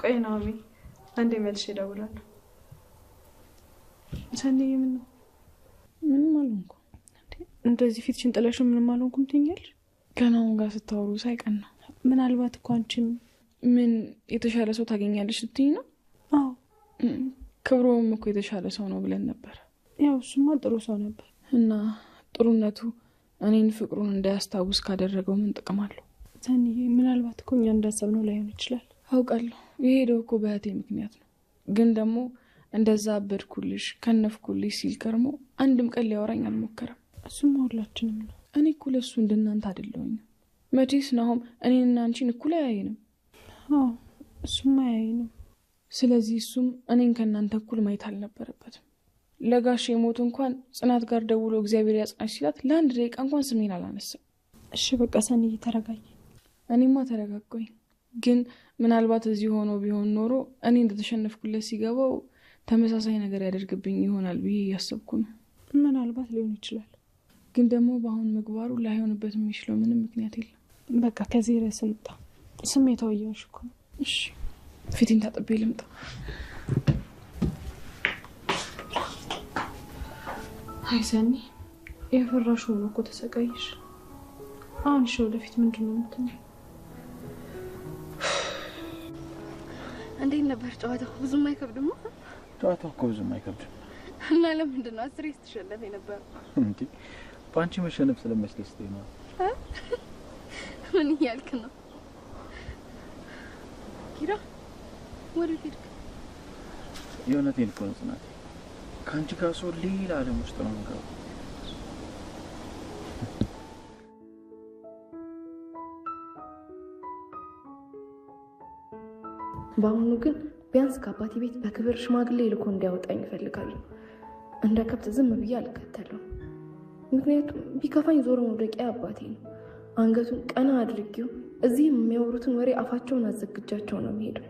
ቆይ ናሚ፣ አንዴ መልሼ እደውላለሁ። ሰኒዬ፣ ምን ነው? ምንም አልሆንኩም። እንደዚህ ፊትሽን ጥለሽ ምንም አልሆንኩም ትይኛለሽ? ከናሁን ጋር ስታወሩ ሳይቀን ነው። ምናልባት እኮ አንቺም ምን የተሻለ ሰው ታገኛለች ልትይኝ ነው? አዎ፣ ክብሮም እኮ የተሻለ ሰው ነው ብለን ነበር። ያው እሱማ ጥሩ ሰው ነበር እና ጥሩነቱ እኔን ፍቅሩን እንዳያስታውስ ካደረገው ምን ጥቅም አለው? ሰኒዬ፣ ምናልባት እኮ እኛ እንዳሰብነው ላይሆን ይችላል። አውቃለሁ። የሄደው እኮ በእህቴ ምክንያት ነው። ግን ደግሞ እንደዛ አበድኩልሽ ከነፍኩልሽ ሲል ከርሞ አንድም ቀን ሊያወራኝ አልሞከረም። እሱም ሁላችንም ነው። እኔ እኩል እሱ እንደናንተ አደለውኝ መቼስ ናሆም እኔንና አንቺን እኩል አያይንም። አዎ እሱም አያይንም። ስለዚህ እሱም እኔን ከእናንተ እኩል ማየት አልነበረበትም። ለጋሽ የሞት እንኳን ጽናት ጋር ደውሎ እግዚአብሔር ያጽናች ሲላት ለአንድ ደቂቃ እንኳን ስሜን አላነሳም። እሺ በቃ ሰኔ እኔማ ተረጋጋኝ። ግን ምናልባት እዚህ ሆኖ ቢሆን ኖሮ እኔ እንደተሸነፍኩለት ሲገባው ተመሳሳይ ነገር ያደርግብኝ ይሆናል ብዬ እያሰብኩ ነው። ምናልባት ሊሆን ይችላል፣ ግን ደግሞ በአሁን ምግባሩ ላይሆንበት የሚችለው ምንም ምክንያት የለም። በቃ ከዚህ ረስ ምጣ ስሜታው እያሽኩ እሺ፣ ፊቴን ታጥቤ ልምጣ። አይሰኒ የፈራሽ ሆኖ እኮ ተሰቃየሽ። አሁን እሺ፣ ወደፊት ምንድን ነው እንዴት ነበር ጨዋታው? ብዙም አይከብድም። ጨዋታው እኮ ብዙም አይከብድም። እና ለምንድን ነው አስሬ ስትሸነፍ የነበረው? እንዴ በአንቺ መሸነፍ ስለሚያስደስተኝ ነው። ምን እያልክ ነው? ኪራ ወዴት ሄድክ? የእውነቴን እኮ ነው ጽናት፣ ከአንቺ ጋር ሰው ሌላ ዓለም ውስጥ ነው የምገባው በአሁኑ ግን ቢያንስ ከአባቴ ቤት በክብር ሽማግሌ ልኮ እንዲያወጣኝ ይፈልጋሉ። እንደ ከብት ዝም ብዬ አልከተለው። ምክንያቱም ቢከፋኝ ዞሮ መውደቂያ አባቴ ነው። አንገቱን ቀና አድርጌው እዚህም የሚያወሩትን ወሬ አፋቸውን አዘግጃቸው ነው የሚሄደው።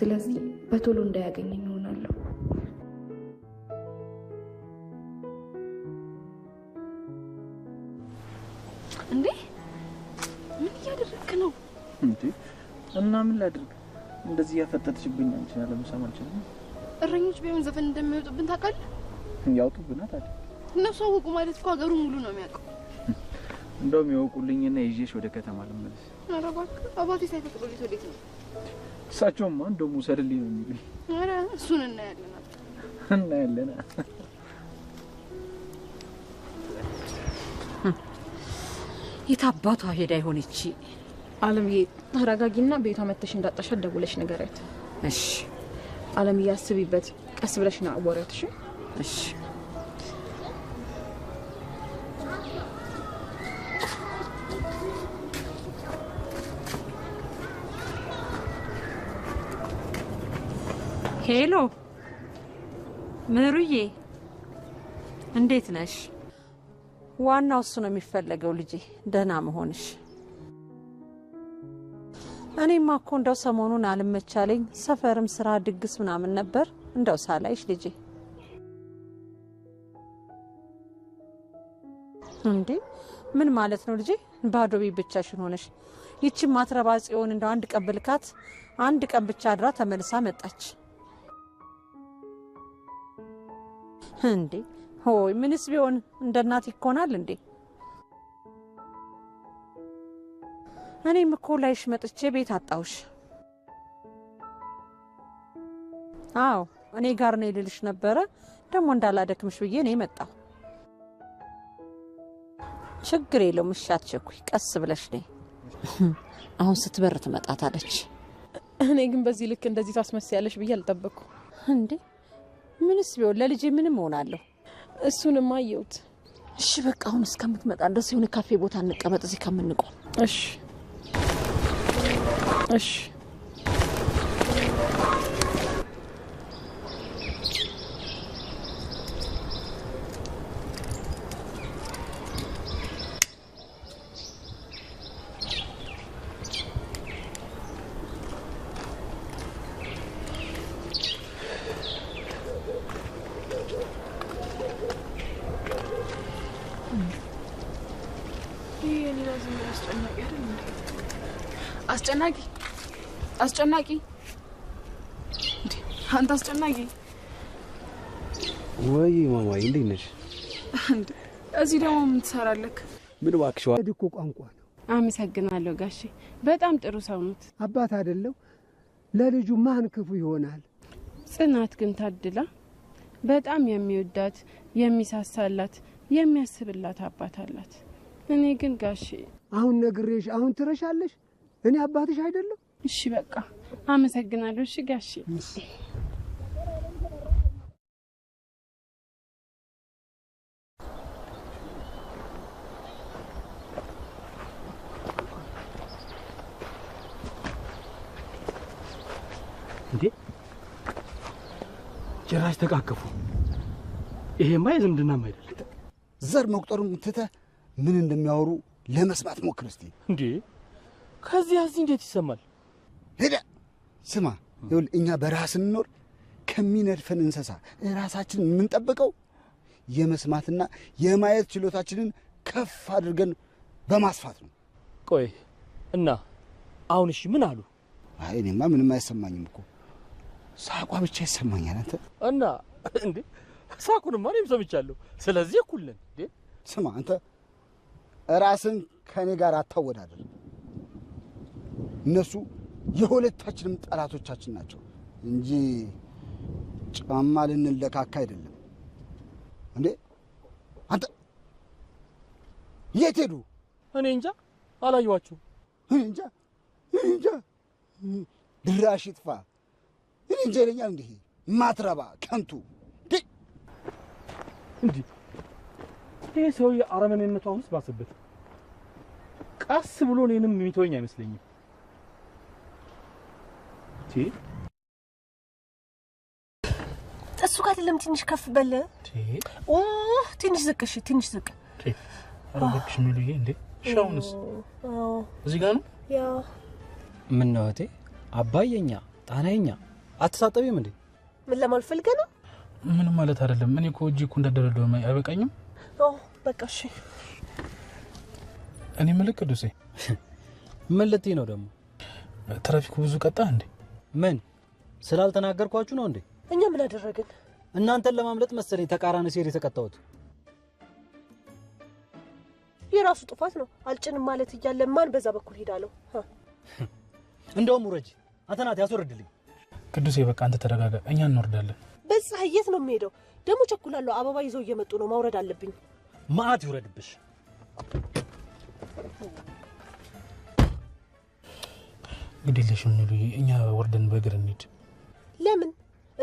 ስለዚህ በቶሎ እንዳያገኘኝ ይሆናለሁ። እንዴ ምን እያደረግክ ነው? እና ምን ላድርግ እንደዚህ ያፈጠጥሽብኝ አንቺ ያለምሰማ አልችልም። እረኞች ቢሆን ዘፈን እንደሚያወጡብን ታውቃለህ? ያውጡብና ታዲያ እነሱ አወቁ ማለት እኮ ሀገሩ ሙሉ ነው የሚያውቀው። እንደውም ያወቁልኝና ይዤሽ ወደ ከተማ ልመለስ። ኧረ እባክህ አባቴ ሳይፈቅዱልኝ ወዴት ነው? እሳቸውማ እንደውም ውሰድልኝ ነው የሚሉኝ። ኧረ እሱን እናያለን እናያለን። የት አባቷ ሄዳ ይሆን ይቺ? አለምዬ ተረጋጊና ቤቷ መተሽ እንዳጣሻት ደውለሽ ንገሪያት። እሺ አለምዬ፣ አስቢበት። ቀስ ብለሽ ና አዋሪያት። እሺ እሺ። ሄሎ ምሩዬ፣ እንዴት ነሽ? ዋናው እሱ ነው የሚፈለገው ልጄ፣ ደህና መሆንሽ እኔማ እኮ እንደው ሰሞኑን አልመቻለኝ፣ ሰፈርም ስራ ድግስ ምናምን ነበር። እንደው ሳላይሽ ልጄ። እንዴ ምን ማለት ነው ልጄ? ባዶ ቤት ብቻሽን ሆነሽ? ይቺ ማትረባ ጽዮን እንደው አንድ ቀን ብልካት አንድ ቀን ብቻ አድራ ተመልሳ መጣች። እንዴ ሆይ ምንስ ቢሆን እንደ እናት ይኮናል እንዴ? እኔም እኮ ላይሽ መጥቼ ቤት አጣውሽ። አዎ እኔ ጋር ነው ልልሽ ነበረ። ደግሞ እንዳላደክምሽ ብዬ እኔ መጣሁ። ችግር የለውም። እሺ ቀስ ብለሽ ነይ። አሁን ስትበር ትመጣት አለች። እኔ ግን በዚህ ልክ እንደዚህ ታስመስያለሽ ብዬ አልጠበቅኩ። እንዴ ምንስ ቢሆን ለልጄ ምንም እሆናለሁ። እሱንም አየሁት። እሺ በቃ አሁን እስከምትመጣ ድረስ የሆነ ካፌ ቦታ እንቀመጥ፣ እዚህ ከምንቆም። እሺ Ich. Hm. sind Niedersee ist in der Aus der Energie. አስጨናቂ አንተ አስጨናቂ። ወይ ማማዬ እንዴት ነሽ? እዚህ ደግሞ ምን ትሰራለህ? ምን እባክሽ እኮ ቋንቋ ነው። አመሰግናለሁ ጋሼ፣ በጣም ጥሩ ሰው ኖት። አባት አይደለው ለልጁ ማን ክፉ ይሆናል? ጽናት ግን ታድላ በጣም የሚወዳት የሚሳሳላት፣ የሚያስብላት አባት አላት። እኔ ግን ጋሼ አሁን ነግሬሽ አሁን ትረሻለሽ። እኔ አባትሽ አይደለም እሺ በቃ አመሰግናለሁ። እሺ ጋሺ እንዴ ጭራሽ ተቃቀፉ። ይሄማ የዝምድናም አይደለም። ዘር መቁጠሩን ትተህ ምን እንደሚያወሩ ለመስማት ሞክር እስቲ። እንዴ ከዚህ እዚህ እንዴት ይሰማል? ሄደ። ስማ እኛ በረሃ ስንኖር ከሚነድፈን እንስሳ ራሳችን የምንጠብቀው የመስማትና የማየት ችሎታችንን ከፍ አድርገን በማስፋት ነው። ቆይ እና አሁን እሺ ምን አሉ? አይ እኔማ ምንም አይሰማኝም እኮ ሳቋ ብቻ ይሰማኛል። አንተ እና እንዴ ሳቁንማ እኔም ሰምቻለሁ። ስለዚህ እኩል እንዴ? ስማ አንተ ራስን ከእኔ ጋር አታወዳደር። እነሱ የሁለታችንም ጠላቶቻችን ናቸው እንጂ ጫማ ልንለካካ አይደለም። እንዴ አንተ የት ሄዱ? እኔ እንጃ አላየኋችሁም። እኔ እንጃ እኔ እንጃ ድራሽ ይጥፋ። እኔ እንጃ ይለኛል። እንዲህ ማትረባ ከንቱ እንዲህ ይህ ሰውዬ አረመኔነቱ አሁንስ ባሰበት። ቀስ ብሎ እኔንም የሚተወኝ አይመስለኝም። እሱ ጋር አይደለም። ትንሽ ከፍ በል። ትንሽ ዝቅ። እሺ፣ ትንሽ ዝቅ። ምን ሚሉዬ እንዴ! ሻውንስ እዚህ ጋር ነው። ምን ነው እህቴ? አባየኛ ጣናየኛ አትታጠቢም እንዴ? ምን ለማል ፈልገ ነው? ምን ማለት አይደለም። እኔ እኮ እጅ እኮ እንዳደረደው አይበቃኝም። በቃ እሺ። እኔ ምልክ ቅዱሴ፣ ምን ልትይ ነው ደግሞ? ትራፊኩ ብዙ ቀጣ እንዴ? ምን ስላልተናገርኳችሁ ነው እንዴ? እኛ ምን አደረግን? እናንተን ለማምለጥ መሰለኝ ተቃራኒ ሴር የተቀጣሁት። የራሱ ጥፋት ነው። አልጭንም ማለት እያለ ማን በዛ በኩል ሄዳለሁ። እንደውም ውረጅ አተናት ያስወርድልኝ። ቅዱሴ በቃ አንተ ተረጋጋ፣ እኛ እንወርዳለን። በዛ የት ነው የሚሄደው? ደግሞ ቸኩላለሁ። አበባ ይዘው እየመጡ ነው። ማውረድ አለብኝ። ማአት ይውረድብሽ። ግዴለሽም ምንሉ እኛ ወርደን በእግር እንሂድ። ለምን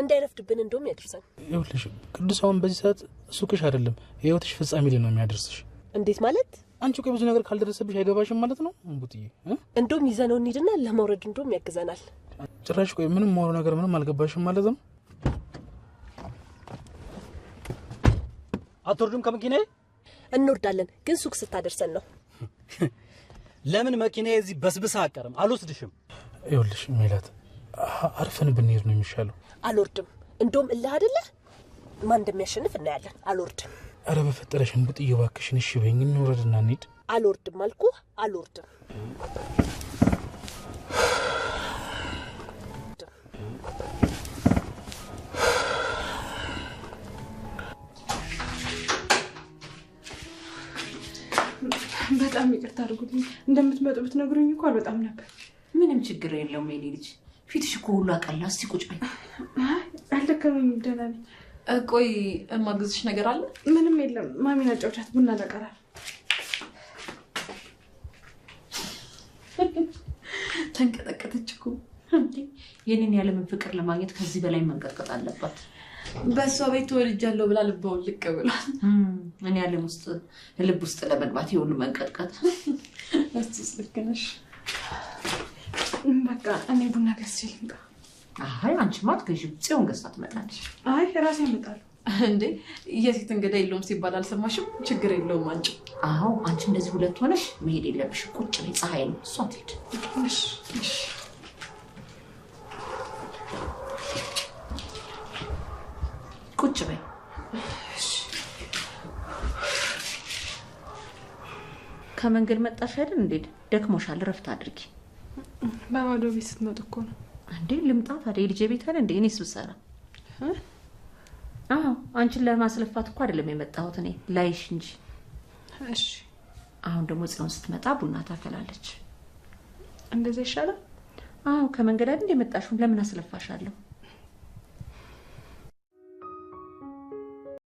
እንዳይረፍድብን፣ እንደውም ያደርሰን ይኸውልሽ ቅዱሳውን በዚህ ሰዓት ሱቅሽ አይደለም የህይወትሽ ፍጻሜ ላይ ነው የሚያደርስሽ። እንዴት ማለት? አንቺ ቆይ ብዙ ነገር ካልደረሰብሽ አይገባሽም ማለት ነው። እንጉጥዬ፣ እንደውም ይዘነው እንሂድና ለመውረድ እንደውም ያግዘናል። ጭራሽ ቆይ ምንም መሆኑ ነገር ምንም አልገባሽም ማለት ነው። አትወርዱም ከመኪናዬ? እንወርዳለን፣ ግን ሱቅ ስታደርሰን ነው። ለምን መኪናዬ እዚህ በስብሳ አቀርም? አልወስድሽም ይኸውልሽ ሜላት፣ አርፈን ብንሄድ ነው የሚሻለው። አልወርድም። እንደውም እልህ አደለ ማን እንደሚያሸንፍ እናያለን። አልወርድም። አረ በፈጠረሽ እንቡጥ እየባክሽን እሺ በኝ እንውረድና እንሂድ። አልወርድም አልኩ አልወርድም። በጣም ይቅርታ አድርጉልኝ። እንደምትመጡ ብትነግሩኝ እኮ አልወጣም ነበር። ምንም ችግር የለውም የኔ ልጅ። ፊትሽ እኮ ሁሉ አቀላ። እስቲ ቁጭ በይ። አልደከመኝም፣ ደህና ነኝ። ቆይ የማግዝሽ ነገር አለ? ምንም የለም። ማሚና ጨውቻት ቡና ነቀራል ተንቀጠቀጠች እኮ የኔን ያለምን ፍቅር ለማግኘት ከዚህ በላይ መንቀጥቀጥ አለባት። በእሷ ቤት ተወልጃለሁ ብላ ልባውን ልቅ ብሏል። እኔ ያለም ውስጥ ልብ ውስጥ ለመግባት የሆኑ መንቀጥቀጥ። ልክ ነሽ። በቃ እኔ ቡና ገዝቼ ልምጣ። አይ አንቺማ አትገዢም፣ ጽዮን ገዝታ ትመጣለች። አይ ራሴ እመጣለሁ። እንዴ የሴት እንግዳ የለውም ሲባል አልሰማሽም? ችግር የለውም አንቺ። አዎ አንቺ እንደዚህ ሁለት ሆነሽ መሄድ የለብሽ። ቁጭ በይ፣ ፀሐይ ነው እሷ ትሄድ። ቁጭ በይ ከመንገድ መጣሽ አይደል? እንዴት ደክሞሻል፣ እረፍት አድርጊ። በባዶ ቤት ስትመጡ እኮ ነው እንዴ? ልምጣ ታዲያ የልጄ ቤት አለ እንዴ? እኔስ ብሰራ? አዎ አንቺን ለማስለፋት እኮ አይደለም የመጣሁት እኔ ላይሽ እንጂ። እሺ አሁን ደግሞ ጽዮን ስትመጣ ቡና ታፈላለች። እንደዚያ ይሻላል። አዎ ከመንገድ አይደል የመጣሽው? ለምን አስለፋሻለሁ?